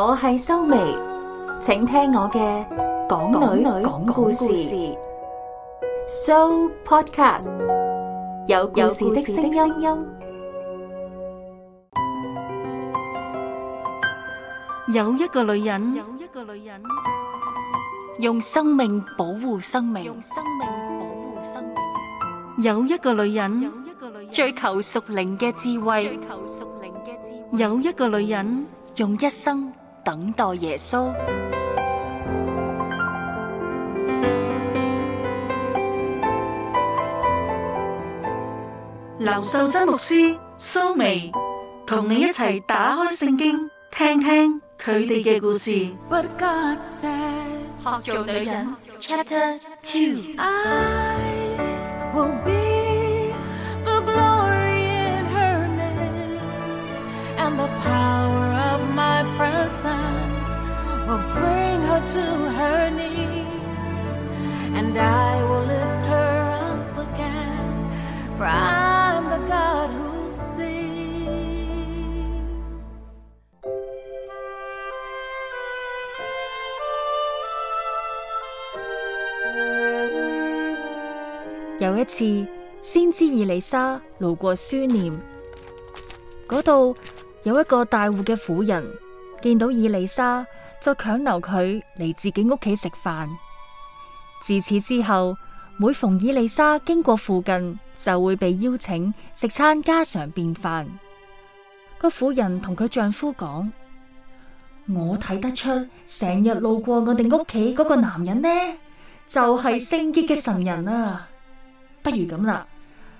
我係蘇眉，請聽我嘅講女女講故事。So podcast 有故事的聲音。有一個女人，有一個女人用生命保護生命。有一個女人，有一個女人追求屬靈嘅智慧。有一個女人用一生。等待耶穌，劉秀珍牧師蘇眉同你一齊打開聖經，聽聽佢哋嘅故事。學做女人，Chapter Two。有一次，先知以利沙路過書念嗰度，有一個大戶嘅婦人見到以利沙，就強留佢嚟自己屋企食飯。自此之後，每逢以利沙經過附近，就會被邀請食餐家常便飯。個婦人同佢丈夫講：我睇得出，成日路過我哋屋企嗰個男人呢，就係、是、聖潔嘅神人啊！不如咁啦，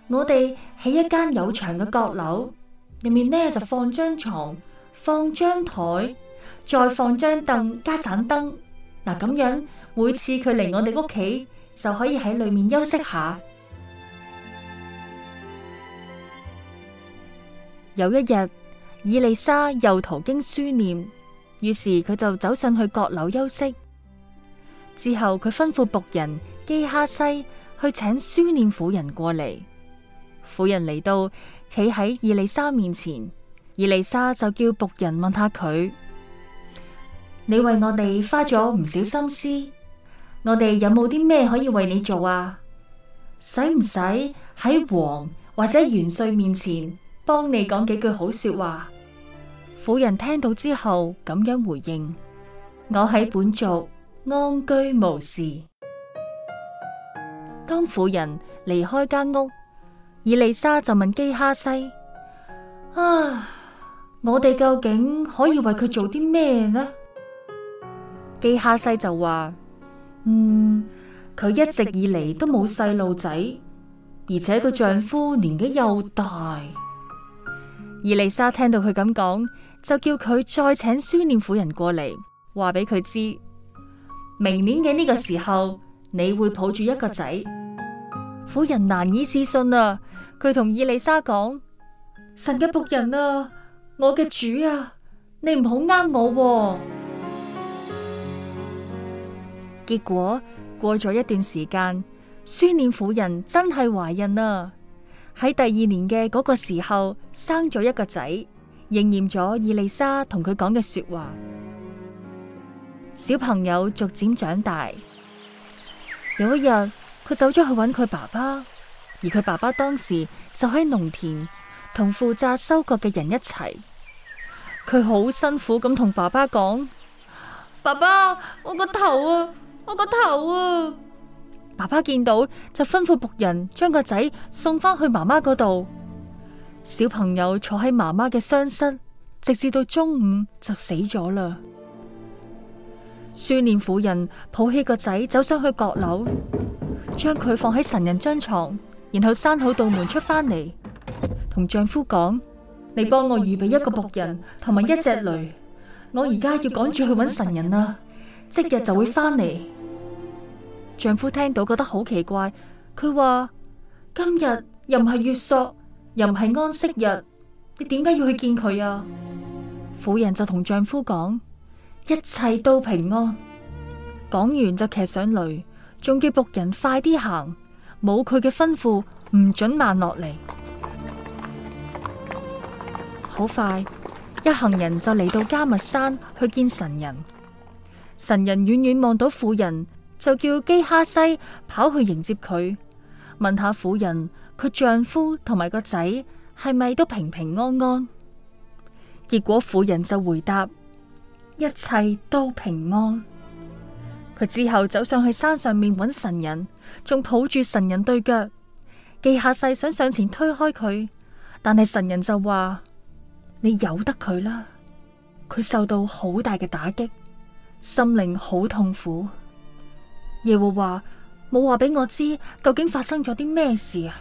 我哋喺一間有牆嘅閣樓，入面呢就放張床，放張台，再放張凳加盞燈。嗱，咁樣每次佢嚟我哋屋企，就可以喺裏面休息下。有一日，以利沙又途經書念，於是佢就走上去閣樓休息。之後佢吩咐僕人基哈西。去請書念婦人過嚟，婦人嚟到，企喺伊麗莎面前，伊麗莎就叫僕人問下佢： 你為我哋花咗唔少心思，我哋有冇啲咩可以為你做啊？使唔使喺王或者元帥面前幫你講幾句好說話？婦人聽到之後，咁樣回應：我喺本族安居無事。當婦人離開間屋，伊麗莎就問基哈西：啊，我哋究竟可以為佢做啲咩呢？基哈西就話：嗯，佢一直以嚟都冇細路仔，而且佢丈夫年紀又大。伊麗莎聽到佢咁講，就叫佢再請書念婦人過嚟，話俾佢知，明年嘅呢個時候。你會抱住一個仔，婦人難以置信啊！佢同以利沙講：神嘅僕人啊，我嘅主啊，你唔好呃我啊！結果過咗一段時間，蘇念婦人真係懷孕啊。喺第二年嘅嗰個時候，生咗一個仔，應驗咗以利沙同佢講嘅說話。小朋友逐漸長大。有一日，佢走咗去揾佢爸爸，而佢爸爸當時就喺農田同負責收割嘅人一齊。佢好辛苦咁同爸爸講：爸爸，我個頭啊，我個頭啊！爸爸見到就吩咐僕人將個仔送返去媽媽嗰度。小朋友坐喺媽媽嘅雙膝，直至到中午就死咗啦。書念婦人抱起個仔，走上去閣樓，將佢放喺神人張床，然後閂好道門出翻嚟，同丈夫講：你幫我預備一個僕人同埋一隻驢，我而家要趕住去揾神人啦、啊，即日就會翻嚟。丈夫聽到覺得好奇怪，佢話：今又又日又唔係月朔，又唔係安息日，你點解要去見佢啊？婦人就同丈夫講。一切都平安。講完就騎上驢，仲叫僕人快啲行，冇佢嘅吩咐，唔准慢落嚟。好快，一行人就嚟到加密山去見神人。神人遠遠望到婦人，就叫基哈西跑去迎接佢，問下婦人，佢丈夫同埋個仔係咪都平平安安？結果婦人就回答。一切都平安。佢之後走上去山上面揾神人，仲抱住神人對腳。基下世想上前推開佢，但係神人就話：你由得佢啦。佢受到好大嘅打擊，心靈好痛苦。耶和華冇話俾我知究竟發生咗啲咩事啊！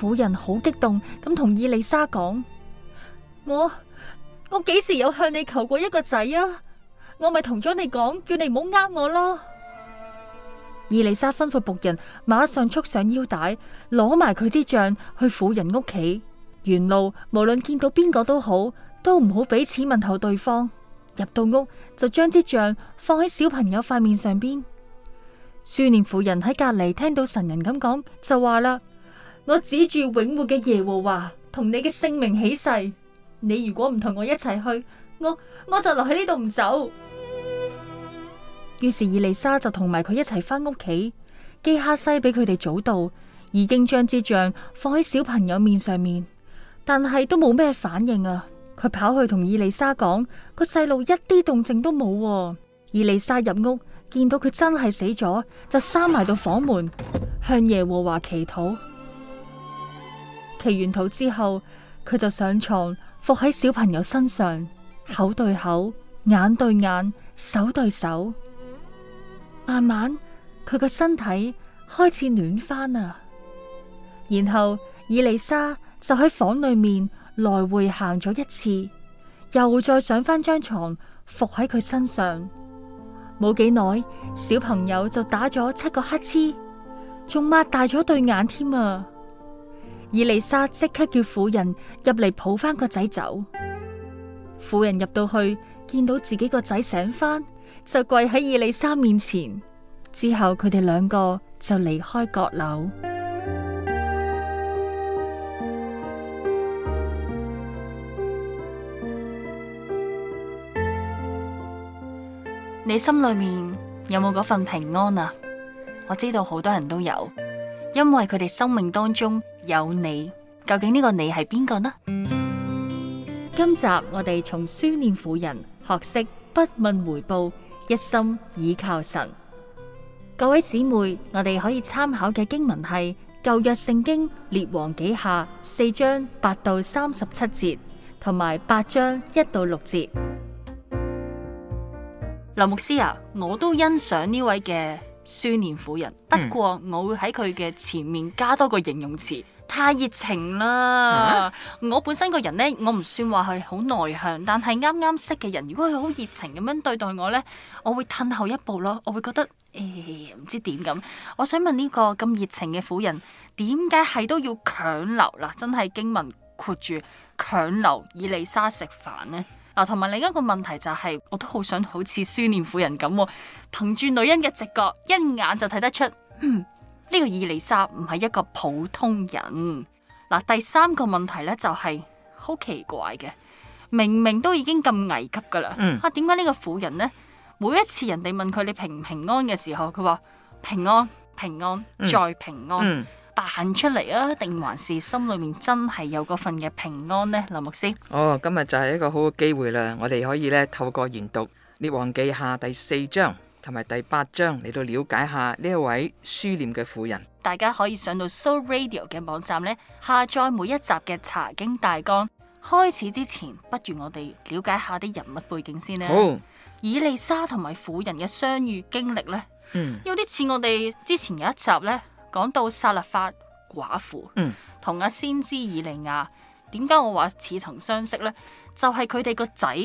婦人好激動咁同以利沙講：我。我幾時有向你求過一個仔啊？我咪同咗你講，叫你唔好呃我咯。以利沙吩咐僕人馬上束上腰帶，攞埋佢支杖去婦人屋企。沿路無論見到邊個都好，都唔好彼此問候對方。入到屋就將支杖放喺小朋友塊面上邊。書念婦人喺隔籬聽到神人咁講，就話啦：我指住永活嘅耶和華同你嘅性命起誓。你如果唔同我一齊去，我我就留喺呢度唔走。於是伊麗莎就同埋佢一齊翻屋企，基哈西俾佢哋早到，已經將支杖放喺小朋友面上面，但係都冇咩反應啊！佢跑去同伊麗莎講，個細路一啲動靜都冇。伊麗莎入屋見到佢真係死咗，就閂埋到房門，向耶和華祈禱。祈完禱之後。佢就上床伏喺小朋友身上，口對口，眼對眼，手對手，慢慢佢個身體開始暖翻啦。然後伊麗莎就喺房裏面來回行咗一次，又再上翻張床伏喺佢身上。冇幾耐，小朋友就打咗七個乞嗤，仲擘大咗對眼添啊！伊麗莎即刻叫婦人入嚟，抱翻個仔走，婦人入到去見到自己個仔醒翻，就跪喺伊麗莎面前。之後佢哋兩個就離開閣樓。你心裏面有冇嗰份平安啊？我知道好多人都有。因為佢哋生命當中有你，究竟呢個你係邊個呢？今集我哋從書念婦人學識不問回報，一心倚靠神。各位姊妹，我哋可以參考嘅經文係舊約聖經列王紀下四章八到三十七節，同埋八章一到六節。林牧師啊，我都欣賞呢位嘅。書念婦人，不過我會喺佢嘅前面加多個形容詞，太熱情啦！啊、我本身個人呢，我唔算話係好內向，但係啱啱識嘅人，如果佢好熱情咁樣對待我呢，我會褪後一步咯。我會覺得誒，唔、欸、知點咁。我想問呢個咁熱情嘅婦人，點解係都要強留嗱？真係經文括住強留以利沙食飯呢。嗱，同埋另一個問題就係、是，我都好想好似書念婦人咁、啊，憑住女人嘅直覺，一眼就睇得出呢、嗯，這個以利沙唔係一個普通人。嗱、啊，第三個問題呢、就是，就係好奇怪嘅，明明都已經咁危急噶啦，嗯、啊，點解呢個婦人呢？每一次人哋問佢你平唔平安嘅時候，佢話平安、平安、平安、嗯、再平安。嗯扮出嚟啊？定還是心裏面真係有嗰份嘅平安呢？林牧師，哦，今日就係一個好好機會啦，我哋可以咧透過研讀《列王記下》第四章同埋第八章嚟到了解下呢一位書念嘅婦人。大家可以上到 Soul Radio 嘅網站咧，下載每一集嘅查經大綱。開始之前，不如我哋了解下啲人物背景先呢？好，以利沙同埋婦人嘅相遇經歷呢，嗯、有啲似我哋之前有一集呢。講到撒勒法寡婦、嗯，同阿先知以利亞，點解我話似曾相識呢？就係佢哋個仔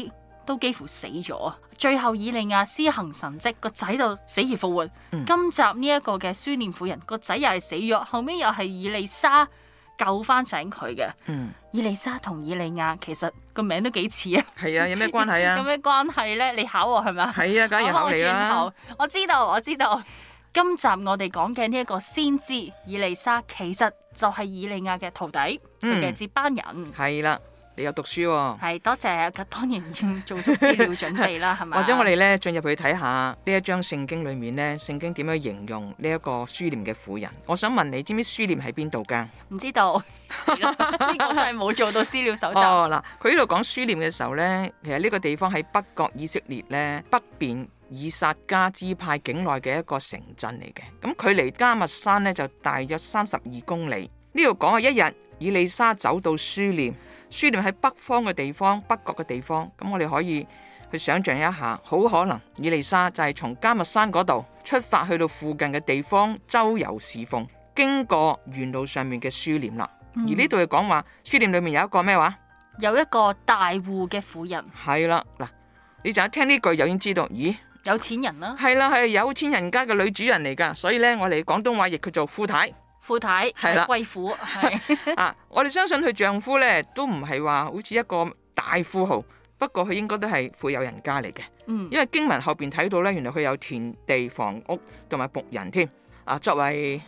都幾乎死咗，最後以利亞施行神蹟，個仔就死而復活。嗯、今集呢一個嘅書念婦人個仔又係死咗，後面又係以利沙救翻醒佢嘅。嗯、以利沙同以利亞其實個名都幾似啊。係啊，有咩關係啊？ 有咩關係呢？你考我係咪啊？係啊，梗係不考你啦。我知道，我知道。今集我哋講嘅呢一個先知以利沙，其實就係以利亞嘅徒弟，佢嘅接班人。係啦、嗯，你有讀書、哦，係多謝，當然要做足資料準備啦，係咪 吧？或者我哋咧進入去睇下呢一張聖經裏面咧，聖經點樣形容呢一個書念嘅婦人？我想問你，知唔知書念喺邊度噶？唔知道，呢 個真係冇做到資料搜集、 哦。哦，佢呢度講書念嘅時候咧，其實呢個地方喺北國以色列咧北邊。以撒迦支派境內嘅一個城鎮嚟嘅，咁距離迦密山呢就大約三十二公里。呢度講係一日，以利沙走到書念，書念喺北方嘅地方，北角嘅地方。咁我哋可以去想象一下，好可能以利沙就係從迦密山嗰度出發去到附近嘅地方周遊侍奉，經過沿路上面嘅書念啦。嗯、而呢度又講話書念裏面有一個咩話？有一個大戶嘅婦人，係啦嗱，你就一聽呢句，又已經知道，咦？有錢人啦、啊，係啦係有錢人家嘅女主人嚟噶，所以呢，我哋廣東話亦叫佢做富太，富太係啦貴婦係啊，我哋相信佢丈夫呢都唔係話好似一個大富豪，不過佢應該都係富有人家嚟嘅，嗯、因為經文後邊睇到呢，原來佢有田地、房屋同埋僕人添啊，作為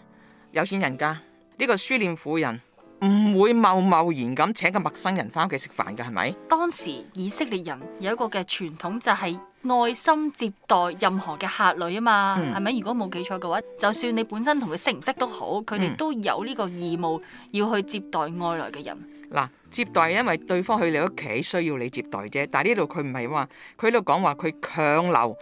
有錢人家呢、這個書念婦人唔會貿貿然咁請個陌生人翻屋企食飯嘅係咪？當時以色列人有一個嘅傳統就係、是。愛心接待任何嘅客旅啊嘛，係咪、嗯？如果冇記錯嘅話，就算你本身同佢識唔識都好，佢哋都有呢個義務要去接待外來嘅人。嗱、嗯，接待因為對方去你屋企需要你接待啫。但係呢度佢唔係話，佢喺度講話佢強留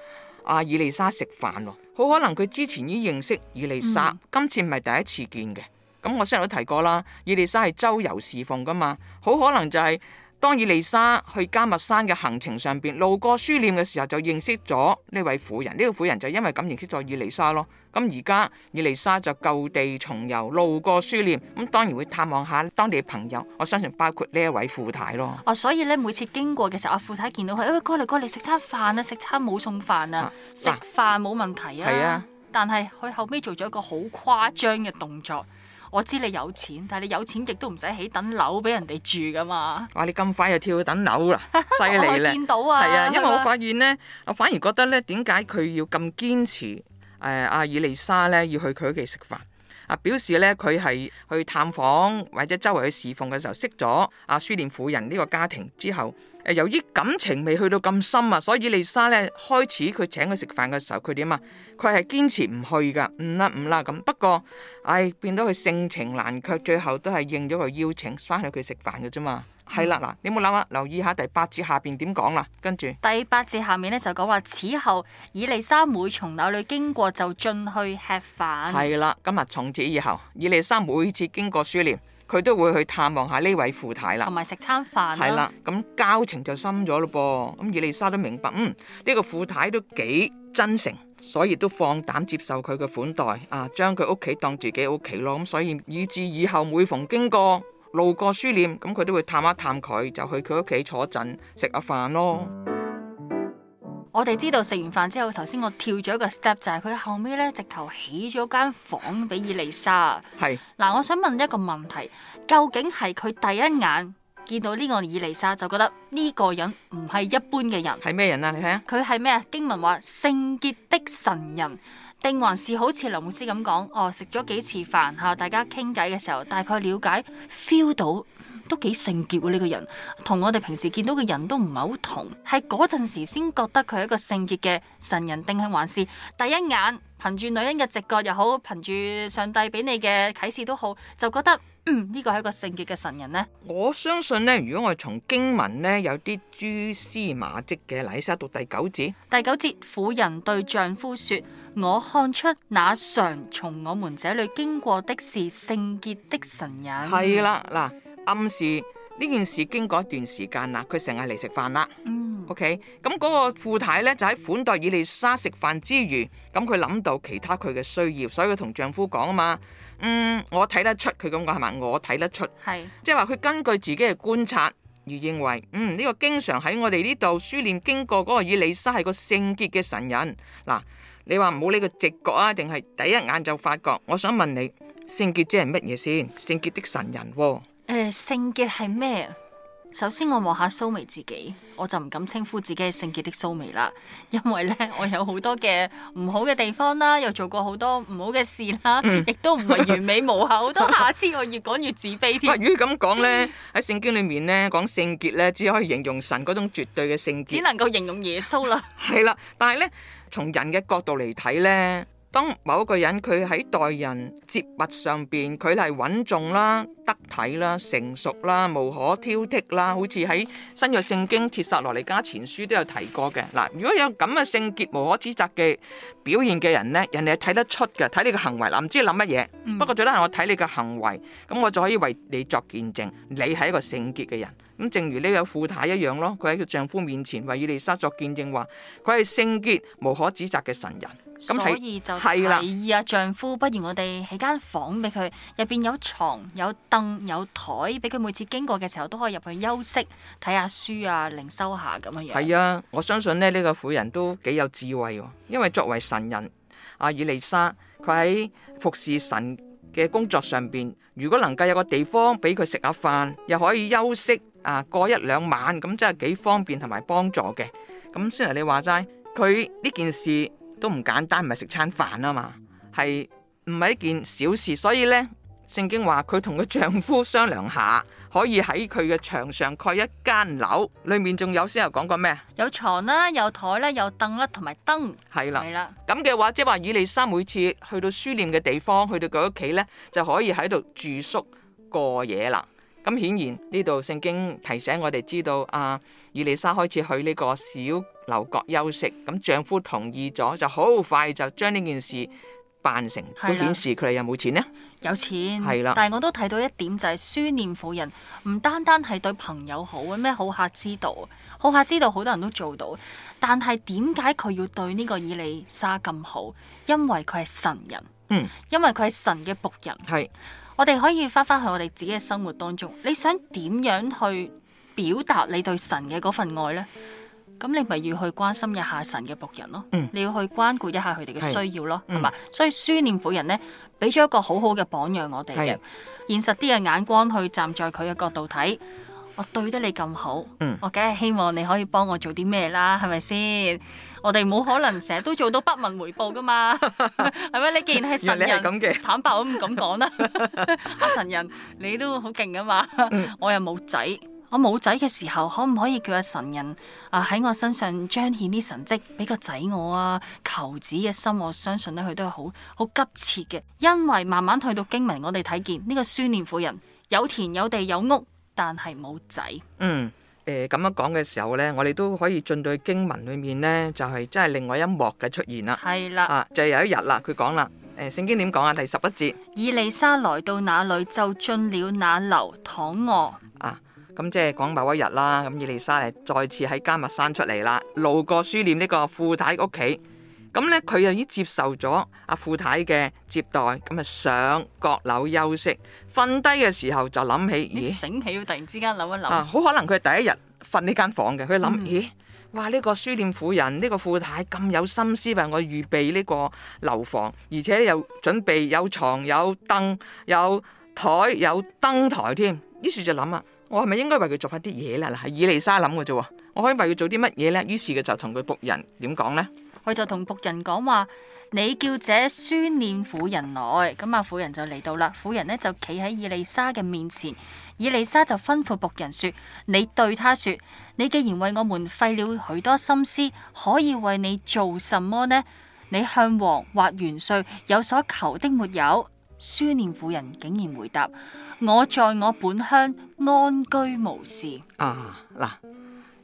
阿伊麗莎食飯喎。好可能佢之前已經認識伊麗莎，嗯、今次唔係第一次見嘅。咁、嗯、我先頭都提過啦，伊麗莎係周遊侍奉噶嘛，好可能就係、是。當以利沙去加密山嘅行程上邊，路過書念嘅時候就認識咗呢位婦人，呢個婦人就因為咁認識咗以利沙咯。咁而家以利沙就舊地重遊，路過書念，咁當然會探望下當地嘅朋友，我相信包括呢一位富太咯。哦，所以咧每次經過嘅時候，阿富太見到佢，哎喂，過嚟過嚟食餐飯啊，食餐冇餸飯啊，食、啊、飯冇問題啊。係啊，啊但係佢後尾做咗一個好誇張嘅動作。我知你有錢，但係你有錢亦都唔使起等樓俾人哋住噶嘛。哇！你咁快就跳等樓啦，犀利啦！ 我見到啊，係啊，吧因為我發現咧，我反而覺得咧，點解佢要咁堅持？誒、呃，阿爾利莎咧要去佢屋企食飯，啊、呃、表示咧佢係去探訪或者周圍去侍奉嘅時候，識咗阿、啊、舒念婦人呢個家庭之後。由於感情未去到咁深啊，所以以利沙咧開始佢請佢食飯嘅時候，佢點啊？佢係堅持唔去噶，唔啦唔啦咁。不過，唉，變到佢性情難卻，最後都係應咗個邀請，翻去佢食飯嘅啫嘛。係啦、嗯，嗱，你有冇諗下，留意下第八節下邊點講啦。跟住第八節下面咧就講話，此後以利沙每從那裏經過，就進去吃飯。係啦，今日從此以後，以利沙每次經過書念。佢都會去探望下呢位富太啦，同埋食餐飯，啊。係啦，咁交情就深咗咯噃。咁以莉莎都明白，嗯，呢、這個富太都幾真誠，所以都放膽接受佢嘅款待啊，將佢屋企當自己屋企咯。咁所以以至以後每逢經過路過書念，咁佢都會探一探佢，就去佢屋企坐陣食下飯咯。嗯我哋知道食完飯之後，頭先我跳咗一個 step，就係、是、佢後尾呢直頭起咗間房俾伊麗莎。係嗱是，我想問一個問題，究竟係佢第一眼見到呢個伊麗莎，就覺得呢個人唔係一般嘅人，係咩人啊？你睇下，佢係咩啊？經文話聖潔的神人，定還是好似劉牧師咁講？哦，食咗幾次飯吓，大家傾偈嘅時候，大概了解 feel 到。都幾聖潔嘅呢個人，同我哋平時見到嘅人都唔係好同，係嗰陣時先覺得佢係一個聖潔嘅神人定，定係還是第一眼憑住女人嘅直覺又好，憑住上帝俾你嘅啟示都好，就覺得嗯呢、這個係一個聖潔嘅神人呢。我相信呢，如果我從經文呢，有啲蛛絲馬跡嘅，麗莎讀到第九節，第九節婦人對丈夫說：我看出那常從我們這裏經過的是聖潔的神人。係啦，嗱。暗示呢件事經過一段時間啦，佢成日嚟食飯啦。O K，咁嗰個富太呢，就喺款待以利沙食飯之餘，咁佢諗到其他佢嘅需要，所以佢同丈夫講啊嘛。嗯，我睇得出佢咁講係咪？我睇得出，係是即係話佢根據自己嘅觀察而認為，嗯，呢個經常喺我哋呢度書念經過嗰個以利沙係個聖潔嘅神人嗱。你話唔好呢個直覺啊，定係第一眼就發覺？我想問你，聖潔即係乜嘢先？聖潔的神人。誒、呃，聖潔係咩？首先我望下蘇眉自己，我就唔敢稱呼自己係聖潔的蘇眉啦，因為咧我有好多嘅唔好嘅地方啦，又做過好多唔好嘅事啦，亦、嗯、 都唔係完美無瑕。好多下次我越講越自卑添。不 如咁講咧，喺聖經裏面咧講聖潔咧，只可以形容神嗰種絕對嘅聖潔，只能夠形容耶穌啦。係 啦，但係咧從人嘅角度嚟睇咧。當某一個人佢喺待人接物上邊，佢係穩重啦、得體啦、成熟啦、無可挑剔啦，好似喺新約聖經帖撒羅尼加前書都有提過嘅。嗱，如果有咁嘅聖潔無可指責嘅表現嘅人咧，人哋係睇得出嘅，睇你嘅行為嗱，唔知你諗乜嘢。嗯、不過最多係我睇你嘅行為，咁我就可以為你作見證，你係一個聖潔嘅人。咁正如呢位富太一樣咯，佢喺佢丈夫面前為以利沙作見證話，佢係聖潔無可指責嘅神人。所以就提議阿丈夫，不如我哋起間房俾佢，入邊有床、有凳、有台，俾佢每次經過嘅時候都可以入去休息、睇下書啊、靈修下咁樣樣。係啊，我相信咧呢個婦人都幾有智慧，因為作為神人阿以利沙，佢喺服侍神嘅工作上邊，如果能夠有個地方俾佢食下飯，又可以休息啊，過一兩晚咁，真係幾方便同埋幫助嘅。咁、嗯、先嚟，你話齋佢呢件事，都唔簡單，唔係食餐飯啊嘛，係唔係一件小事？所以呢，聖經話佢同佢丈夫商量下，可以喺佢嘅牆上蓋一間樓，裏面仲有先又講過咩？有床啦，有台啦，有凳啦，同埋燈。係啦的，係啦的。咁嘅話，即係話以利沙每次去到書念嘅地方，去到佢屋企呢，就可以喺度住宿過夜啦。咁顯然呢度聖經提醒我哋知道阿、啊、以利沙開始去呢個小樓閣休息，咁丈夫同意咗，就好快就將呢件事辦成。的都顯示佢哋有冇錢呢？有錢係啦，的但係我都睇到一點就係、是，書念婦人唔單單係對朋友好，咩好客之道，好客之道好多人都做到，但係點解佢要對呢個以利沙咁好？因為佢係神人，嗯，因為佢係神嘅僕人，係。我哋可以返返去我哋自己嘅生活當中，你想點樣去表達你對神嘅嗰份愛咧？咁你咪要去關心一下神嘅僕人咯，嗯、你要去關顧一下佢哋嘅需要咯，係嘛？所以書念婦人咧，俾咗一個好好嘅榜樣我哋嘅，是現實啲嘅眼光去站在佢嘅角度睇。我對得你咁好，嗯、我梗係希望你可以幫我做啲咩啦，係咪先？我哋冇可能成日都做到不問回報噶嘛，係咪？ 你既然係神人，坦白我唔敢講啦。阿 神人，你都好勁噶嘛？嗯、我又冇仔，我冇仔嘅時候，可唔可以叫阿神人啊喺我身上彰顯啲神跡，俾個仔我啊，求子嘅心，我相信咧佢都係好好急切嘅。因為慢慢去到經文，我哋睇見呢個孫念婦人有田有地有屋。但係冇仔。嗯，誒、呃、咁樣講嘅時候呢，我哋都可以進到經文裏面呢，就係、是、真係另外一幕嘅出現啦。係啦的、啊，就是、有一日啦，佢講啦，誒、欸、聖經點講啊？第十一節，以利沙來到那裏，就進了那樓躺臥。啊、咁、嗯、即係講某一日啦，咁以利沙誒再次喺迦密山出嚟啦，路過書念呢個富太屋企。咁咧，佢又已接受咗阿富太嘅接待，咁啊上閣樓休息，瞓低嘅時候就諗起，咦，醒起突然之間諗一諗，啊，好可能佢係第一日瞓呢間房嘅。佢諗，嗯、咦，哇，呢、這個書店婦人，呢、這個富太咁有心思為我預備呢個樓房，而且又準備有床、有燈、有台，有台，有燈台，有燈台添，於是就諗啊，我係咪應該為佢做返啲嘢啦？嗱，係以利沙諗嘅啫，我可以為佢做啲乜嘢咧？於是佢就同佢僕人點講咧？佢就同僕人講話：你叫這書念婦人來。咁啊，婦人就嚟到啦。婦人呢就企喺以利沙嘅面前。以利沙就吩咐僕人說：你對他說：你既然為我們費了許多心思，可以為你做什麼呢？你向王或元帥有所求的沒有？書念婦人竟然回答：我在我本鄉安居無事。啊，嗱、啊。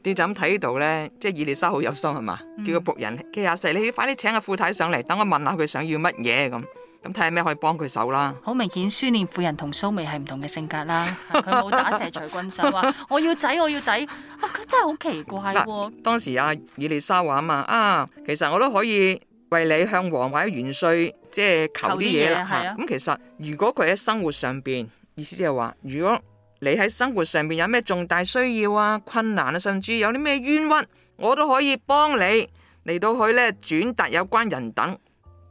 啲就咁睇到咧，即係以利沙好有心係嘛？叫個僕人，叫、嗯、阿四，你快啲請個富太太上嚟，等我問下佢想要乜嘢咁，咁睇下咩可以幫佢手啦。好明顯，書念婦人同蘇眉係唔同嘅性格啦。佢冇 打蛇隨棍上話， 我要仔，我要仔。佢、啊、真係好奇怪喎。當時阿以利沙話啊嘛，啊，其實我都可以為你向王或者元帥即係求啲嘢啦。咁其實如果佢喺生活上邊，意思就係話，如果你喺生活上邊有咩重大需要啊、困難啊，甚至有啲咩冤屈，我都可以幫你，嚟到佢呢，轉達有關人等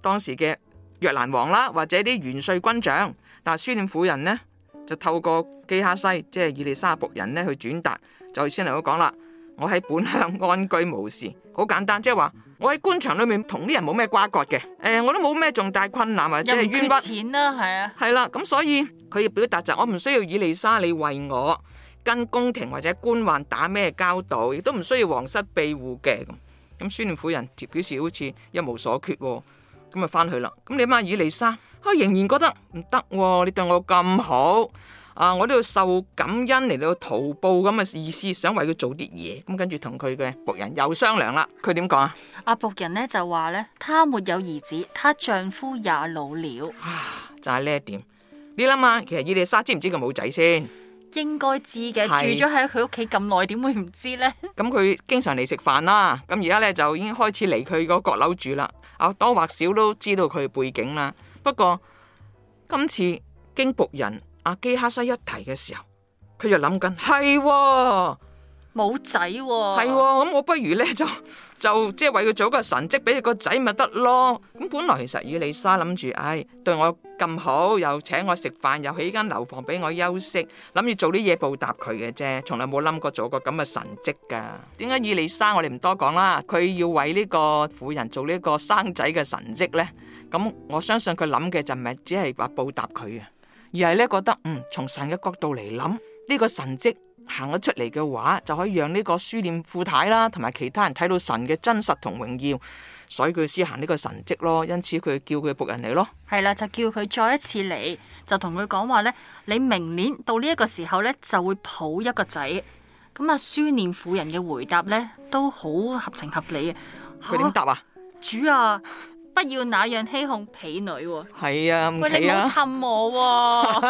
當時嘅約蘭王啦，或者啲元帥軍長，但係書念婦人呢就透過基哈西，即係以利沙僕人呢去轉達，就先嚟，我講啦，我喺本鄉安居無事，好簡單，即係話。我喺官場裏面同啲人冇咩瓜葛嘅，誒、呃，我都冇咩重大困難或者係冤屈。錢啦，係啊。係啦，咁所以佢要表達就係，我唔需要以利沙你為我跟宮廷或者官宦打咩交道，亦都唔需要皇室庇護嘅咁。咁蘇念婦人就表示好似一無所缺，哦，咁啊翻去啦。咁你媽以利沙，佢仍然覺得唔得，哦，你對我咁好。啊！我都要受感恩嚟到徒步咁嘅意思，想為佢做啲嘢。咁跟住同佢嘅僕人又商量啦。佢點講啊？阿僕人咧就話咧，他沒有兒子，他丈夫也老了啊。就係、是、呢一點，你諗下，其實以利沙知唔知佢冇仔先？應該知嘅，是住咗喺佢屋企咁耐，點會唔知咧？咁佢經常嚟食飯啦。咁而家咧就已經開始嚟佢個閣樓住啦。或多或少都知道佢背景啦。不過今次經僕人。阿基哈西一提嘅時候，佢就諗緊係冇仔，係咁、哦哦哦、我不如咧就就即係為佢做個神蹟俾佢個仔咪得咯。咁本來其實以利沙諗住，哎對我咁好，又請我食飯，又起間樓房俾我休息，諗住做啲嘢報答佢嘅啫，從來冇諗過做過咁嘅神蹟噶。點解以利沙我哋唔多講啦？佢要為呢個婦人做呢個生仔嘅神蹟咧？咁我相信佢諗嘅就唔係只係話報答佢啊。而係咧覺得嗯，從神嘅角度嚟諗，呢個神蹟行咗出嚟嘅話，就可以讓呢個書念富太啦，同埋其他人睇到神嘅真實同榮耀，所以佢先行呢個神蹟咯。因此佢叫佢僕人嚟咯。係啦，就叫佢再一次嚟，就同佢講話咧，你明年到呢一個時候咧，就會抱一個仔。咁啊，書念婦人嘅回答咧，都好合情合理嘅。佢點答啊？主啊！不要那樣欺哄婢女喎。係啊，唔會啊。喂，你唔好氹我喎，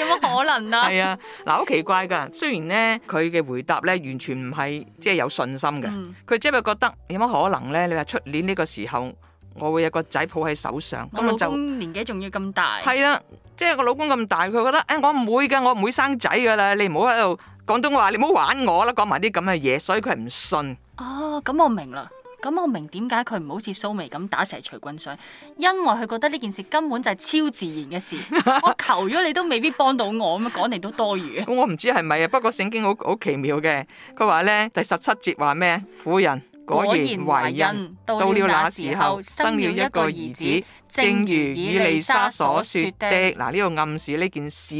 有乜可能啊？係啊，嗱好奇怪噶。雖然咧，佢嘅回答咧完全唔係即係有信心嘅。佢即係覺得有乜可能咧？你話出年呢個時候，我會有個仔抱喺手上。咁就年紀仲要咁大。係啊，即係個老公咁大，佢覺得誒，我唔會噶，我唔會生仔噶啦。你唔好喺度廣東話，你唔好玩我啦，講埋啲咁嘅嘢，所以佢唔信。哦，咁我明啦。咁我明點解佢唔好似蘇眉咁打蛇除棍上，因為佢覺得呢件事根本就係超自然嘅事。 我求咗你都未必幫到我，咁樣講嚟，都多餘。 咁我唔知係咪啊？不過聖經好好奇妙嘅，佢話咧第十七節話咩？婦人果然懷孕，到了那時候生了一個兒子，正如以利沙所說的。嗱呢度暗示呢件事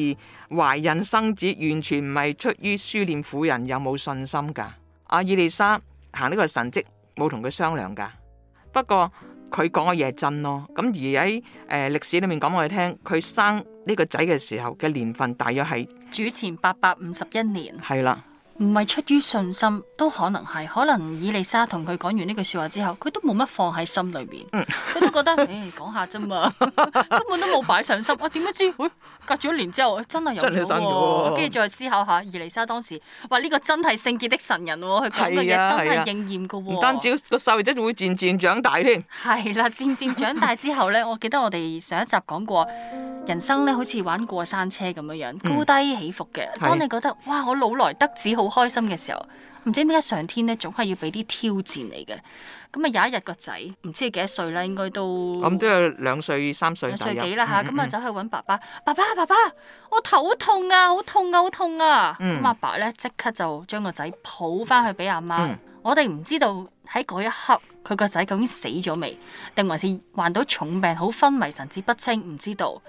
懷孕生子完全唔係出於書念婦人有冇信心噶。阿以利沙，行呢個神蹟。冇同佢商量噶，不過佢講嘅嘢係真咯。咁而喺誒歷史裏面講我哋聽，佢生呢個仔嘅時候嘅年份大約係主前八百五十一年。係啦的，唔係出於信心，都可能係，可能以利沙同佢講完呢句說話之後，佢都冇乜放喺心裏面，佢、嗯、都覺得誒講、 欸、下啫嘛，根本都冇擺上心。我點樣知？哎隔咗一年之後，哎、真係又好喎。跟住再思考下，伊麗莎當時話呢、呢個真係聖潔的神人喎，佢講嘅嘢真係應驗嘅喎。啊啊、唔單止個細路仔仲會漸漸長大添。係啦、啊，漸漸長大之後咧， 我記得我哋上一集講過，人生咧好似玩過山車咁樣樣，高低起伏嘅。嗯、當你覺得的哇，我老來得子好開心嘅時候。唔知點解上天咧，總係要俾啲挑戰你嘅。咁啊，有一日個仔唔知幾多歲啦，應該都咁都有兩歲、三歲、兩歲幾啦吓。咁啊、嗯嗯，走、嗯、去搵爸爸，爸爸，爸爸，我頭痛啊，好痛啊，好痛啊！咁阿、嗯、爸咧即刻就將個仔抱翻去俾阿媽。嗯、我哋唔知道喺嗰一刻，佢個仔究竟死咗未，定還是患到重病，好昏迷、神志不清，唔知道。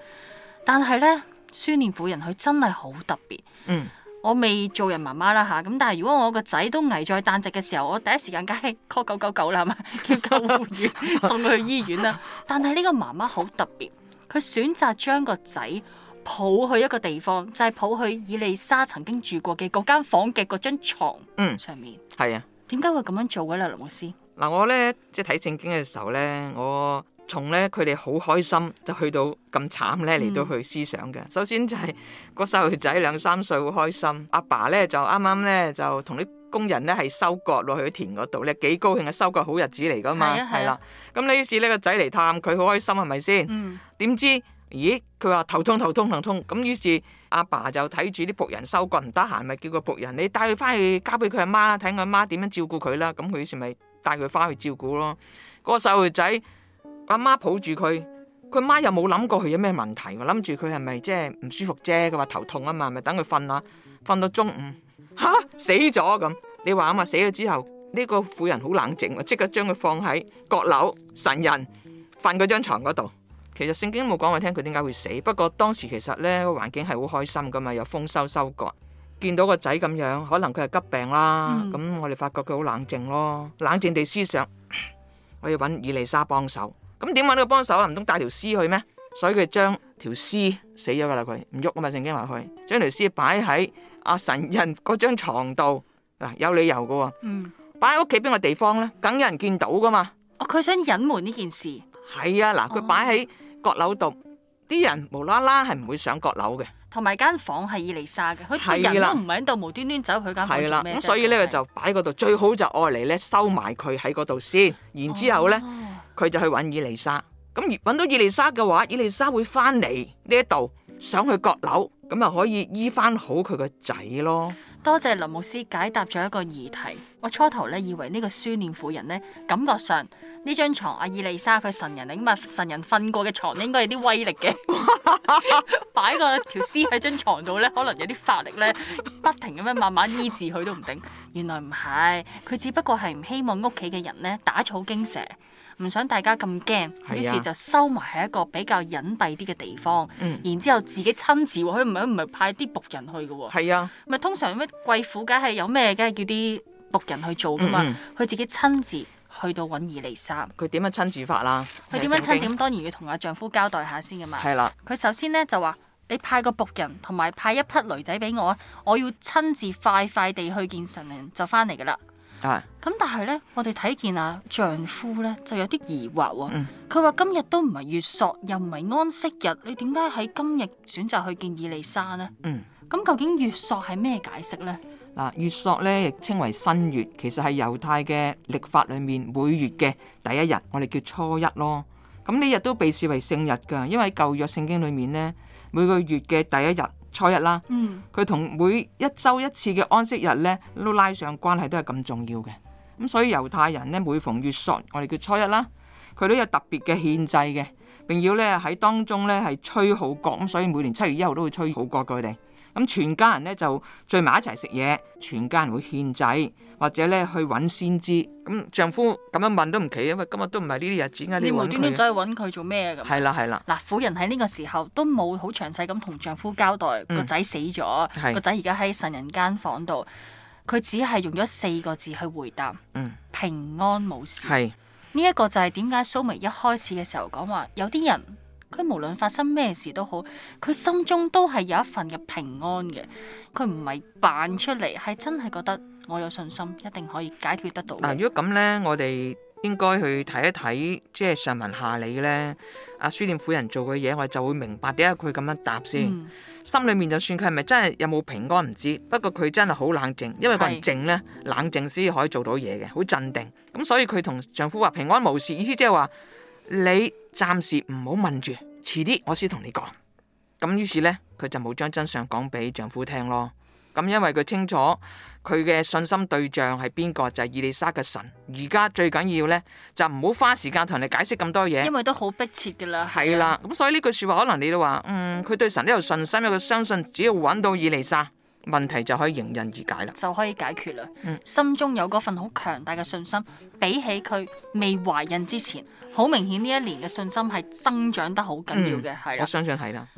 但係咧，書念婦人佢真係好特別。嗯。我未做人媽媽啦吓，咁但係如果我個仔都危在旦夕嘅時候，我第一時間梗係 call 九九九啦，係咪？叫救護員送佢去醫院啦。但係呢個媽媽好特別，佢選擇將個仔抱去一個地方，就係、是、抱去以麗莎曾經住過嘅嗰間房嘅嗰張床，嗯，上面係啊。點解會咁樣做嘅咧，盧牧師？嗱，我咧即係睇聖經嘅時候咧，我。從咧，佢哋好開心，就去到咁慘咧，嚟到去思想嘅。嗯、首先就係個細路仔兩三歲好開心，阿、嗯、爸咧就啱啱咧就同啲工人咧係收割落去田嗰度咧幾高興嘅收割好日子嚟㗎嘛，係啦。咁於是呢個仔嚟探佢好開心係咪先？點知咦？佢話頭痛頭痛頭痛咁。於是阿爸，爸就睇住啲僕人收割唔得閒，咪叫個僕人，你帶佢翻去交俾佢阿媽睇，佢阿媽點樣照顧佢啦。咁佢於是咪帶佢翻去照顧咯。嗰、嗰個細路仔。阿媽抱住佢，佢媽又冇諗過佢有咩問題，我諗住佢係咪即係唔舒服啫？佢話頭痛啊嘛，咪等佢瞓啦，瞓到中午，吓死咗咁。你話啊嘛，死咗之後，呢、這個婦人好冷靜，即刻將佢放喺閣樓神人瞓嗰張床嗰度。其實聖經冇講我聽佢點解會死，不過當時其實咧個環境係好開心噶嘛，又豐收收割，見到個仔咁樣，可能佢係急病啦。咁、嗯、我哋發覺佢好冷靜咯，冷靜地思想，我要搵以利沙幫手。咁點揾呢個幫手啊？唔通帶條屍去咩？所以佢將條屍死咗噶啦，佢唔喐啊嘛！聖經話佢將條屍擺喺阿神人嗰張床度，嗱有理由噶，嗯，擺喺屋企邊個地方咧，梗有人見到噶嘛？哦，佢想隱瞞呢件事。係啊，嗱，佢擺喺閣樓度，啲人無啦啦係唔會上閣樓嘅。同埋間房係伊利沙嘅，佢啲人都唔喺度，無端端走入去間房做咩？咁所以咧就擺喺嗰度，最好就愛嚟咧收埋佢喺嗰度先，然之後咧。佢就去揾伊麗莎，咁而揾到伊麗莎嘅話，伊麗莎會翻嚟呢一度，上去閣樓，咁啊可以醫翻好佢個仔咯。多謝林牧師解答咗一個疑題。我初頭咧以為呢個書念婦人咧，感覺上呢張床阿伊麗莎佢神人禮物神人瞓過嘅床應該有啲威力嘅，擺 個條屍喺張床度咧，可能有啲法力咧，不停咁樣慢慢醫治佢都唔定。原來唔係，佢只不過係唔希望屋企嘅人咧打草驚蛇。唔想大家咁驚，於是就收埋喺一個比較隱蔽啲嘅地方。嗯、然之後自己親自，佢唔係唔係派啲僕人去嘅喎。係啊、嗯，咪通常咩貴婦，梗係有咩，梗係叫啲僕人去做嘅嘛。佢、嗯嗯、自己親自去到揾以利沙，佢點樣親自法啦？佢點樣親自？咁當然要同阿丈夫交代下先嘅嘛。係啦的。佢首先咧就話：你派個僕人，同埋派一匹驢仔俾我，我要親自快快地去見神靈，就翻嚟嘅啦。咁但係呢，我哋睇見阿丈夫呢就有啲疑惑喎。佢話、嗯、今日都唔係月朔，又唔係安息日，你點解喺今日選擇去見以利沙呢？嗯，咁究竟月朔係咩解釋呢？嗱，月朔呢亦稱為新月，其實係猶太嘅曆法裏面每月嘅第一日，我哋叫初一咯。咁呢日都被視為聖日噶，因為舊約聖經裏面呢，每個月嘅第一日。初一啦，佢同每一週一次嘅安息日咧，都拉上關係，都係咁重要嘅。咁所以猶太人咧，每逢月朔，我哋叫初一啦，佢都有特別嘅獻祭嘅，並要咧喺當中咧係吹號角，咁所以每年七月一號都會吹號角嘅佢哋。咁全家人咧就聚埋一齊食嘢，全家人會獻祭，或者咧去揾先知。咁丈夫咁樣問都唔奇，因為今日都唔係呢啲日子。你無端端走去揾佢做咩？係啦係啦。嗱，婦人喺呢個時候都冇好詳細咁同丈夫交代個仔、嗯、死咗，個仔而家喺神人間房度，佢只係用咗四個字去回答：嗯、平安冇事。呢一個就係點解蘇眉一開始嘅時候講話有啲人。佢無論發生咩事都好，佢心中都係有一份嘅平安嘅。佢唔係扮出嚟，係真係覺得我有信心，一定可以解決得到。嗱，如果咁呢，我哋應該去睇一睇，即係上文下理呢。阿書店婦人做嘅嘢，我就會明白點解佢咁樣答先。嗯、心裏面就算佢係咪真係有冇平安唔知，不過佢真係好冷靜，因為個人靜呢，是冷靜先可以做到嘢嘅，好鎮定。咁所以佢同丈夫話平安無事，意思即係話。你暫時唔好問住，遲啲我先同你講。咁於是呢，佢就冇將真相講俾丈夫聽咯。咁因為佢清楚佢嘅信心對象係邊個，就係、是、伊麗莎嘅神。而家最緊要呢，就唔好花時間同你解釋咁多嘢，因為都好迫切噶啦。係啦的，咁、嗯、所以呢句說話可能你都話，嗯，佢對神都有信心，有個相信，只要揾到伊麗莎。問題就可以迎刃而解啦，就可以解決啦。嗯，心中有嗰份好強大嘅信心，比起佢未懷孕之前，好明顯呢一年嘅信心係增長得好緊要嘅，係、嗯、嘅。我相信係啦。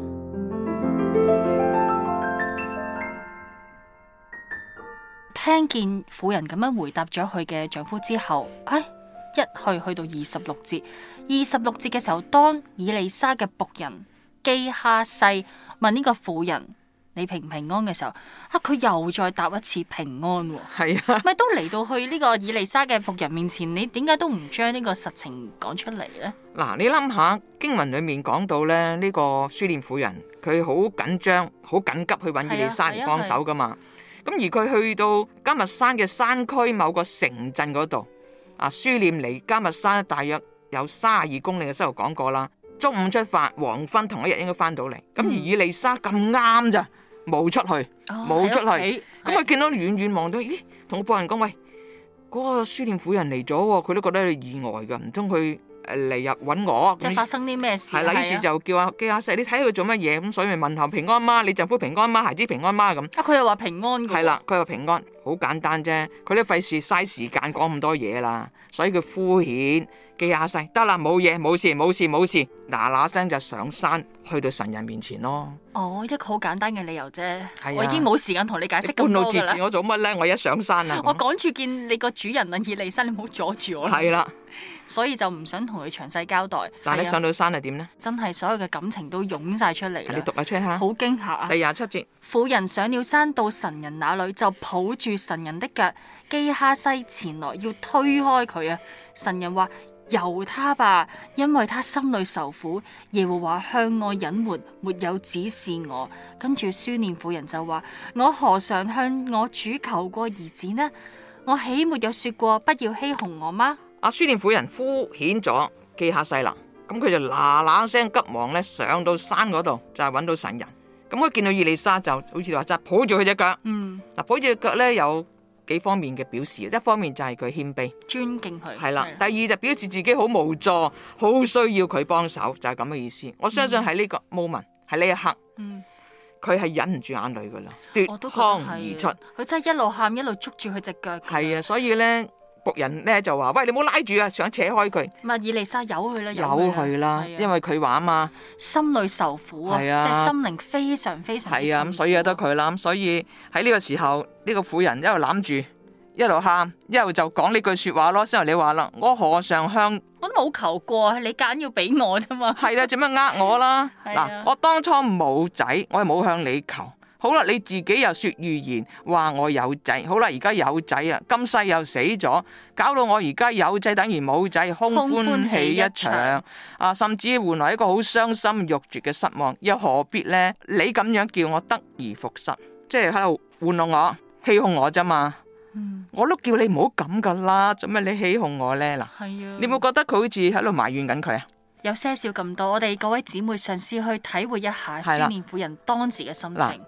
聽見婦人咁樣回答咗佢嘅丈夫之後，唉，一去去到二十六節，二十六節嘅時候，當以利沙嘅僕人基哈西問呢個婦人。你平唔平安嘅時候，嚇、啊、佢又再答一次平安喎、哦，係啊，咪都嚟到去呢個以利沙嘅僕人面前，你點解都唔將呢個實情講出嚟呢？嗱、啊，你諗下經文裡面講到咧，呢、呢個書念婦人佢好緊張、好緊急去揾以利沙嚟幫手噶嘛。咁、啊啊啊啊、而佢去到加密山嘅山區某個城鎮嗰度，啊，書念離加密山大約有三十二公里嘅時候講過啦。中午出發，黃昏同一日應該返到嚟。咁、嗯、而以利沙咁啱咋？冇出去，冇、oh, 出去，咁佢、okay. 見到的遠遠望到，咦，同個僕人講，喂，嗰、那個書店婦人嚟咗，佢都覺得係意外噶，唔通佢誒嚟日揾我？即係發生啲咩事？係啦的，於是的就叫阿機阿 Sir, 的 你睇佢做乜嘢？咁所以咪問候平安媽，你丈夫平安媽，孩子平安媽咁。啊，佢又話平，平安。係啦，佢又平安，好簡單啫，佢都費事嘥時間講咁多嘢啦，所以佢敷衍。基哈西，得啦，冇嘢，冇事，冇事，冇事，嗱嗱聲就上山去到神人面前咯。哦，一個好簡單嘅理由啫，啊、我已經冇時間同你解釋咁多啦。你半路截住我做乜咧？我一上山啊，我趕住見你個主人啊，以利沙，你唔好阻住我啦。係啦、啊，所以就唔想同佢詳細交代。啊、但係你上到山係點咧？真係所有嘅感情都湧晒出嚟。你讀下出下。好驚吓啊！第廿七節，婦人上了山到神人那裏，就抱住神人的腳，基哈西前來要推開佢啊！神人話。由他吧，因為他心裏受苦。耶和華向我隱瞞，沒有指示我。跟住書念婦人就話：我何嘗向我主求過兒子呢？我豈沒有說過不要欺哄我嗎？阿書念婦人敷衍咗，記下細啦。咁佢就嗱嗱聲急忙咧上到山嗰度，就係揾到神人。咁佢見到伊利莎，就好似話就抱住佢隻腳。嗯，嗱抱住隻腳咧有。幾方面嘅表示，一方面就係佢謙卑，尊敬佢，係啦的。的第二就表示自己好無助，好、嗯、需要佢幫手，就係咁嘅意思。我相信喺呢個 moment，喺呢一刻，佢係、嗯、忍唔住眼淚噶啦，奪眶而出。佢真係一路喊，一路捉住佢隻腳。係啊，所以咧。僕人咧就話：，喂，你唔好拉住啊，想扯開佢。咪以利沙，由佢啦，由佢啦，的因為佢話啊嘛。心裏受苦啊，即係的心靈非常非常。係啊，咁所以都得佢啦。咁所以喺呢個時候，呢、這個婦人一路攬住，一路喊，一路就講呢句說話咯。先頭你話啦，我何嘗向？我都冇求過，你夾硬要俾我啫嘛。係啦，做咩呃我啦？嗱，我當初冇仔，我係冇向你求。好啦，你自己又說預言，話我有仔，好啦，而家有仔啊，今世又死咗，搞到我而家有仔等於冇仔，空歡喜一場，喜一場啊，甚至換來一個好傷心欲絕嘅失望，又何必呢？你咁樣叫我得而復失，即係喺度玩弄我、欺哄我咋嘛？嗯、我都叫你唔好咁噶啦，做咩你欺哄我呢？嗱，啊、你冇覺得佢好似喺度埋怨緊佢啊？有些少咁多，我哋各位姊妹嘗試去體會一下書念婦人當時嘅心情。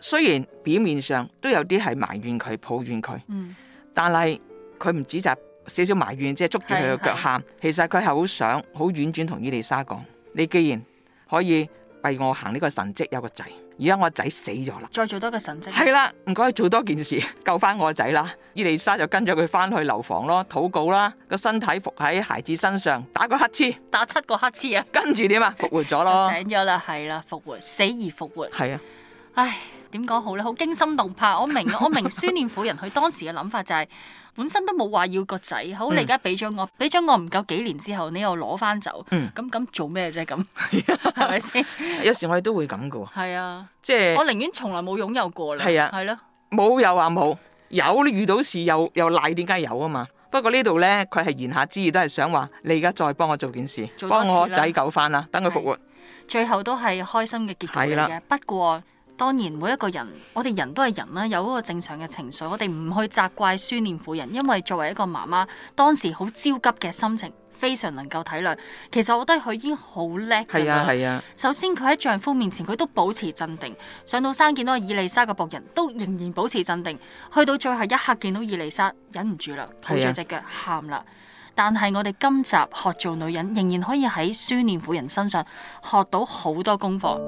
雖然表面上都有啲係埋怨佢，抱怨佢，但係佢唔止係少少埋怨，即係捉住佢嘅腳喊。其實佢係好想好婉轉同伊麗莎講：你既然可以為我行呢個神蹟，有個仔，而家我仔死咗啦，再做多個神蹟。係啦，唔該做多件事救翻我個仔啦。伊麗莎就跟咗佢翻去樓房咯，禱告啦，個身體伏喺孩子身上，打個乞嗤，打七個乞嗤啊，跟住點啊？復活咗咯，醒咗啦，係啦，復活，死而復活，係啊，唉。點講好咧？好驚心動魄！我明，我明。孫念婦人佢當時嘅諗法就係，本身都冇話要個仔，好你而家俾咗我，俾咗我唔夠幾年之後，你又攞翻走，咁咁做咩啫？咁係咪先？有時我哋都會咁噶喎。係啊，即係我寧願從來冇擁有過啦。係啊，係咯，冇有啊冇有，遇到事又又賴，點解有啊嘛？不過呢度咧，佢係言下之意都係想話，你而家再幫我做件事，幫我仔救翻啦，等佢復活。最後都係開心嘅結局嚟嘅，不過。當然，每一個人，我哋人都係人啦，有嗰個正常嘅情緒。我哋唔去責怪書念婦人，因為作為一個媽媽，當時好焦急嘅心情，非常能夠體諒。其實我覺得佢已經好叻嘅。係啊，係啊。首先佢喺丈夫面前，佢都保持鎮定。上到山見到以利沙嘅僕人，都仍然保持鎮定。去到最後一刻見到以利沙，忍唔住啦，抱住隻腳喊啦。係啊。但係我哋今集學做女人，仍然可以喺書念婦人身上學到好多功課。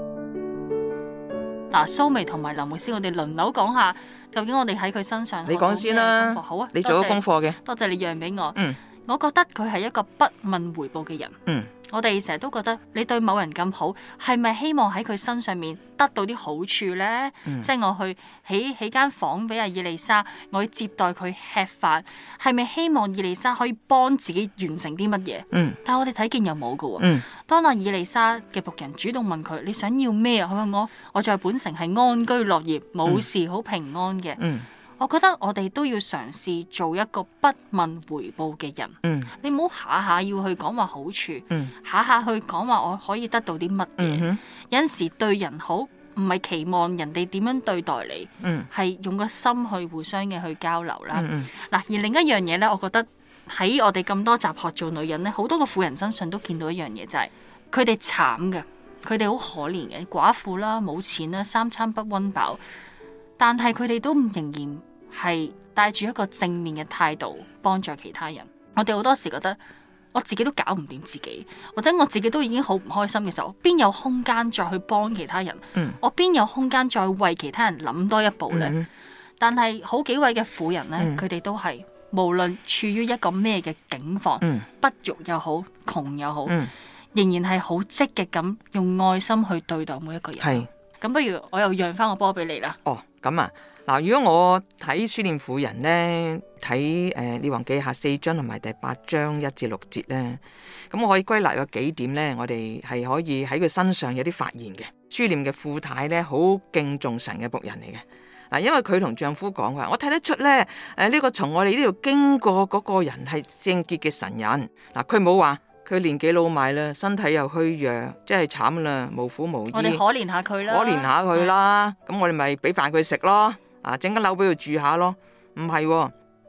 嗱，蘇眉同埋林梅師，我哋輪流講下，究竟我哋喺佢身上你。你講先啦，好啊，你做咗功課嘅，多謝你讓俾我。嗯，我覺得佢係一個不問回報嘅人。嗯。我哋成日都覺得你對某人咁好，係咪希望喺佢身上面得到啲好處呢？嗯、即係我去起起間房俾阿伊麗莎，我去接待佢吃飯，係咪希望伊麗莎可以幫自己完成啲乜嘢？嗯、但係我哋睇見又冇噶。嗯、當阿伊麗莎嘅僕人主動問佢：你想要咩啊？佢問我：我在本城係安居樂業，冇事好平安嘅。嗯嗯我覺得我哋都要嘗試做一個不問回報嘅人。嗯，你唔好下下要去講話好處。嗯，下下去講話我可以得到啲乜嘢？嗯、哼有陣時對人好唔係期望人哋點樣對待你。嗯，係用個心去互相嘅去交流啦。嗱、嗯，嗯、而另一樣嘢咧，我覺得喺我哋咁多集學做女人咧，好多個婦人身上都見到一樣嘢、就係，就係佢哋慘嘅，佢哋好可憐嘅寡婦啦，冇錢啦，三餐不溫飽，但係佢哋都仍然，係帶住一個正面嘅態度幫助其他人。我哋好多時覺得我自己都搞唔掂自己，或者我自己都已經好唔開心嘅時候，邊有空間再去幫其他人？我邊有空間再為其他人諗多一步呢？但係好幾位嘅婦人呢，佢哋都係無論處於一個咩嘅境況，不育又好，窮又好，仍然係好積極咁用愛心去對待每一個人。係咁，不如我又讓翻個波俾你啦。哦，咁啊。嗱，如果我睇《書念婦人》咧，睇誒、呃、你王記下四章同埋第八章一至六節咧，咁我可以歸納有幾點咧？我哋係可以喺佢身上有啲發現嘅。書念嘅富太咧，好敬重神嘅僕人嚟嘅。嗱，因為佢同丈夫講話，我睇得出咧，誒、呃、呢、這個從我哋呢度經過嗰個人係聖潔嘅神人。嗱，佢冇話佢年紀老邁啦，身體又虛弱，即係慘啦，無苦無母。我哋可憐下佢啦，可憐下佢啦，咁我哋咪俾飯佢食咯。啊，整間樓俾佢住下咯，唔係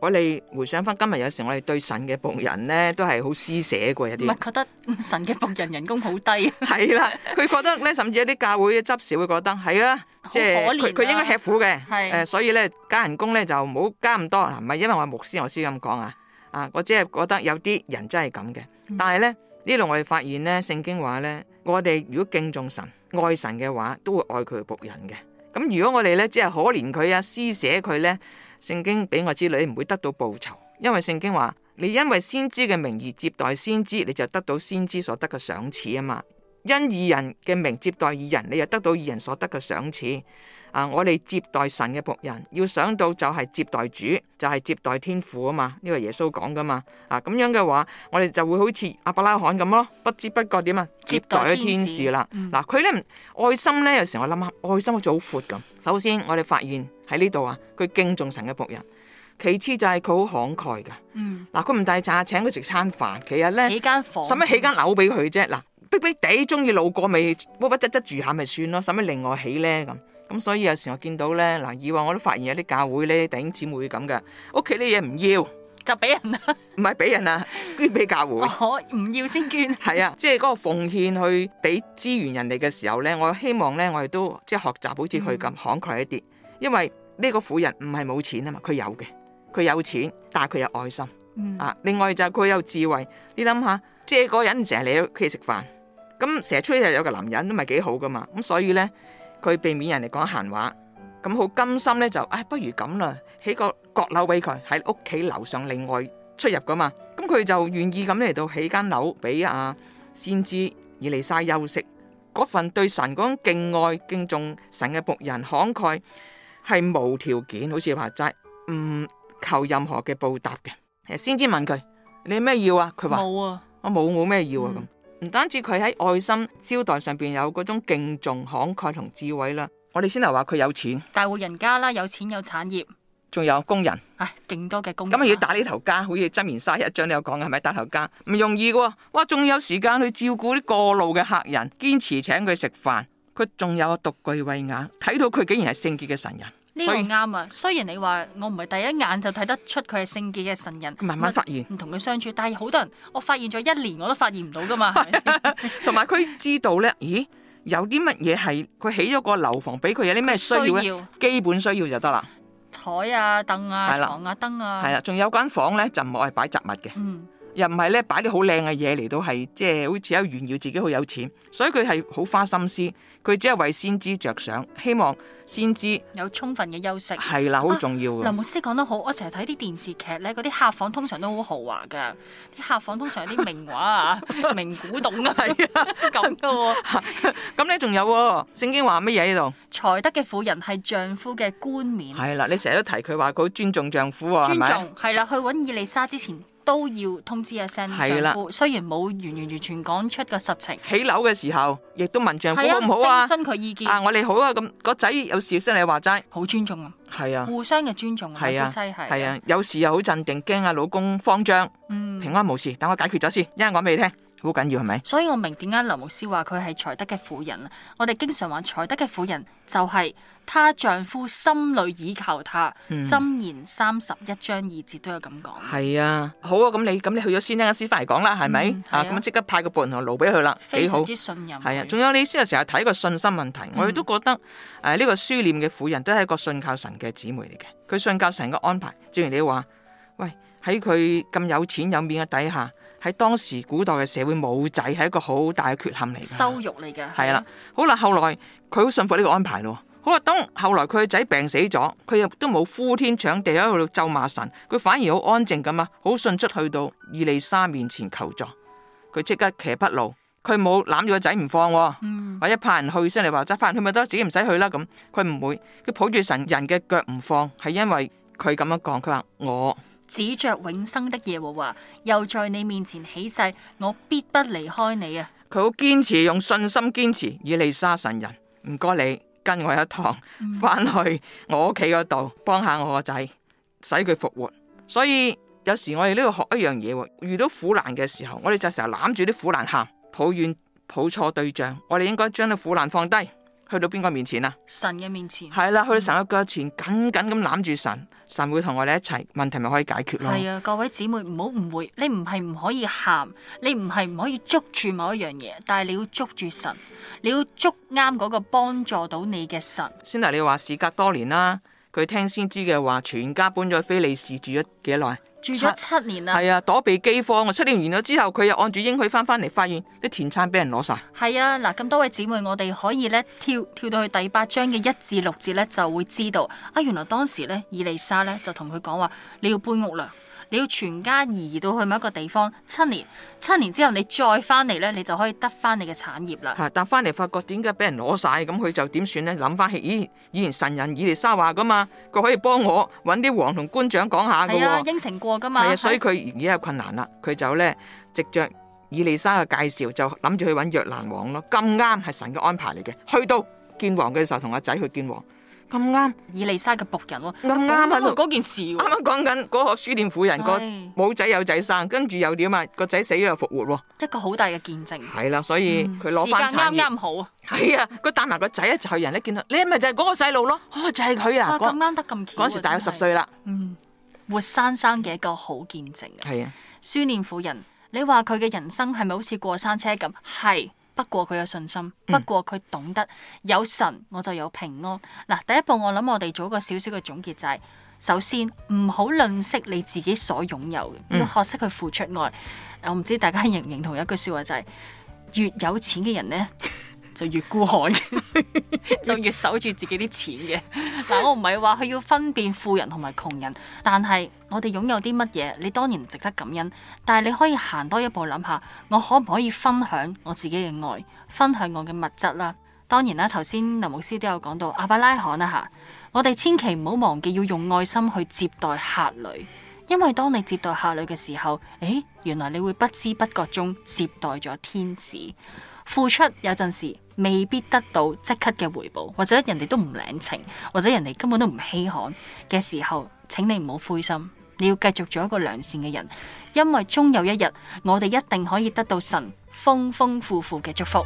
我哋回想翻，今日有時我哋對神嘅僕人咧，都係好施捨過一啲。唔係覺得神嘅僕人人工好低？係 啦，啊，佢覺得咧，甚至一啲教會嘅執事會覺得係啦，即係佢佢應該吃苦嘅。係是，誒，所以咧加人工咧就唔好加咁多。嗱，唔係因為我係牧師，我先咁講啊。啊，我只係覺得有啲人真係咁嘅。但係咧呢度，嗯、我哋發現咧，聖經話咧，我哋如果敬重神、愛神嘅話，都會愛佢僕人嘅。咁如果我哋咧，只係可憐佢啊，施捨佢咧，聖經俾我知你唔會得到報酬，因為聖經話，你因為先知嘅名義接待先知，你就得到先知所得嘅賞賜啊嘛。因義人嘅名接待義人，你又得到義人所得嘅賞賜。啊！我哋接待神嘅僕人，要想到就係接待主，就係、是、接待天父啊嘛！呢個耶穌講噶嘛。啊咁樣嘅話，我哋就會好似亞伯拉罕咁咯，不知不覺點啊接待天使啦。嗱，佢、嗯、咧愛心咧，有時我諗下愛心好似好闊咁。首先，我哋發現喺呢度啊，佢敬重神嘅僕人；其次就係佢好慷慨噶。嗱、嗯，佢唔帶茶，請佢食餐飯，其實咧起間房，使乜起間樓俾佢啫？嗱，逼逼地中意路過咪屈屈側側住下咪算咯，使乜另外起咧咁咁？所以有時我見到咧嗱，以往我都發現有啲教會咧弟兄姊妹咁嘅，屋企啲嘢唔要就俾人啦，唔係俾人啊，捐俾教會。我唔要先捐,、哦哦、捐。係啊，即係嗰個奉獻去俾支援人哋嘅時候咧，我希望咧我哋都即係學習好似佢咁慷慨一啲，因為呢個婦人唔係冇錢啊嘛，佢有嘅，佢有錢，但係佢有愛心啊。嗯、另外就係佢有智慧，你諗下，即係嗰個人成日嚟屋企食飯。咁成日出去入有個男人都咪幾好噶嘛，咁所以咧佢避免人哋講閒話，咁好甘心咧就，唉、哎，不如咁啦，起個閣樓俾佢喺屋企樓上另外出入噶嘛，咁、嗯、佢就願意咁嚟到起間樓俾阿、啊、先知以利沙休息，嗰份對神嗰種敬愛敬重神嘅僕人慷慨係無條件，好似話齋唔求任何嘅報答嘅。先知問佢你咩要，、啊、要啊？佢話冇啊，我冇冇咩要啊咁。唔單止佢喺愛心招待上邊有嗰種敬重、慷慨同智慧啦，我哋先係話佢有錢，大戶人家啦，有錢有產業，仲有工人，唉、哎，勁多嘅工人。咁啊要打呢頭家，好似箴言卅一章你有講嘅係咪？是是打頭家唔容易嘅，哇，仲有時間去照顧啲過路嘅客人，堅持請佢食飯，佢仲有獨具慧眼，睇到佢竟然係聖潔嘅神人。呢個啱啊！雖然你話我唔係第一眼就睇得出佢係聖潔嘅神人，慢慢發現，唔同佢相處，但係好多人，我發現咗一年我都發現唔到噶嘛。係咪 同埋佢知道咧，咦，有啲乜嘢係佢起咗個樓房俾佢有啲咩需要，需要基本需要就得啦，台啊、凳啊、房了啊、燈啊，係啦，仲有間房咧就唔係擺雜物嘅。嗯又唔係咧，擺啲好靚嘅嘢嚟到，係即係好似喺炫耀自己好有錢，所以佢係好花心思。佢只係為先知着想，希望先知有充分嘅休息，係啦、啊，好重要、啊。林牧師講得好，我成日睇啲電視劇咧，嗰啲客房通常都好豪華噶，啲客房通常有啲名畫 古 啊、名古董啊，係 啊，咁噶喎。咁咧仲有聖經話乜嘢喺度？財德嘅婦人係丈夫嘅冠冕。係啦，你成日都提佢話佢好尊重丈夫啊。尊重係啦，去揾以利沙之前。都要通知阿一聲丈夫，係啦，雖然冇完，完完全全講出個實情。起樓嘅時候，亦都問丈夫好唔、啊、好啊？徵詢佢意見啊！我哋好啊，咁、那個仔有事先你話齋，好尊重啊，係啊，互相嘅尊重啊，夫妻係啊，有時又好鎮定驚，驚啊老公慌張，嗯，平安無事，等我解決咗先，一陣講俾你聽。好緊要係咪？是是所以我明點解劉牧師話佢係才德嘅婦人啦。我哋經常話才德嘅婦人就係她丈夫心裏倚靠她。箴、嗯、言三十一章二節都有咁講。係啊，好啊，咁你咁你去咗先等陣翻嚟講啦，係咪？嗯、啊，咁即、啊、刻派個僕人同驢俾佢啦，幾好。啲信任係啊，仲有你先又成日睇個信心問題，嗯、我哋都覺得誒呢、呃這個書念嘅婦人都係一個信靠神嘅姊妹嚟嘅。佢信靠神嘅安排，正如你話，喂喺佢咁有錢有面嘅底下。喺當時古代嘅社會，冇仔係一個好大嘅缺陷嚟嘅，羞辱嚟嘅。係啦的，好啦，後來佢好信服呢個安排咯。好啦，當後來佢個仔病死咗，佢又都冇呼天搶地喺度咒罵神，佢反而好安靜咁啊，好迅速去到伊麗莎面前求助。佢即刻騎不路，佢冇攬住個仔唔放、啊，嗯、或者派人去先嚟話即派人去咪得自己唔使去啦咁。佢唔會，佢抱住神人嘅腳唔放，係因為佢咁樣講，佢話我。指着永生的耶和華，又在你面前起誓：我必不離開你啊！佢好堅持，用信心堅持。以利沙神人，唔該你跟我一趟，翻、嗯、去我屋企嗰度幫下我個仔，使佢復活。所以有時我哋呢度學一樣嘢，遇到苦難嘅時候，我哋就成日攬住啲苦難喊，抱怨抱錯對象，我哋應該將啲苦難放低。去到邊個面前啊？神嘅面前係啦，去到神嘅腳前，緊緊咁攬住神，神會同我哋一齊，問題咪可以解決咯？係啊，各位姊妹唔好誤會，你唔係唔可以喊，你唔係唔可以捉住某一樣嘢，但係你要捉住神，你要捉啱嗰個幫助到你嘅神。先達，你話事隔多年啦。佢聽先知嘅話，全家搬咗菲利士住咗幾耐？住咗七年啦。係啊，躲避饑荒。我七年完咗之後，佢又按住應許翻返嚟，發現啲田產俾人攞晒。係啊，嗱，咁多位姐妹，我哋可以咧跳跳到去第八章嘅一至六節咧，就會知道啊，原來當時咧，伊麗莎咧就同佢講話，你要搬屋啦。你要全家移到去某一個地方七年，七年之後你再翻嚟咧，你就可以得翻你嘅產業啦。係、啊，但翻嚟發覺點解俾人攞晒？咁佢就點算咧？諗翻起，咦、欸，以前神人以利沙話噶嘛，佢可以幫我揾啲王同官長講下噶。係啊，應承過噶嘛。係啊，所以佢而家有困難啦，佢就咧藉着以利沙嘅介紹，就諗住去揾約蘭王咯。咁啱係神嘅安排嚟嘅，去到見王嘅時候同阿仔去見王。咁啱以利沙嘅僕人，咁啱啊！嗰件事，啱啱講緊嗰個書念婦人個冇仔有仔生，跟住的又點啊嘛，個仔死咗又復活咯，一個好大嘅見證。係啦，所以佢攞翻產業，啱啱好是是弟弟啊。係、就是、啊，佢帶埋個仔啊，之後人一見到你係咪就係嗰個細路咯，就係佢啦，咁啱得咁巧，嗰時大咗十歲啦，嗯，活生生嘅一個好見證啊。係啊的，書念婦人，你話佢嘅人生係咪好似過山車咁？係。不過佢有信心，不過佢懂得有神我就有平安。嗱，第一步我諗我哋做一個小小嘅總結就係，首先唔好吝嗇你自己所擁有嘅，要學識去付出愛。我唔知大家認唔認同一句說話就係，越有錢嘅人呢。」 就越孤寒嘅， 就越守住自己啲錢嘅。嗱， 我唔係話佢要分辨富人同埋窮人，但係我哋擁有啲乜嘢，你當然值得感恩。但係你可以行多一步想想，諗下我可唔可以分享我自己嘅愛，分享我嘅物質啦。當然啦，頭先林牧師都有講到亞伯拉罕啦、啊、吓，我哋千祈唔好忘記要用愛心去接待客旅，因為當你接待客旅嘅時候，誒，原來你會不知不覺中接待咗天使。付出有陣時。未必得到即刻嘅回報，或者人哋都唔領情，或者人哋根本都唔稀罕嘅時候，請你唔好灰心，你要繼續做一個良善嘅人，因為終有一日，我哋一定可以得到神豐豐富富嘅祝福。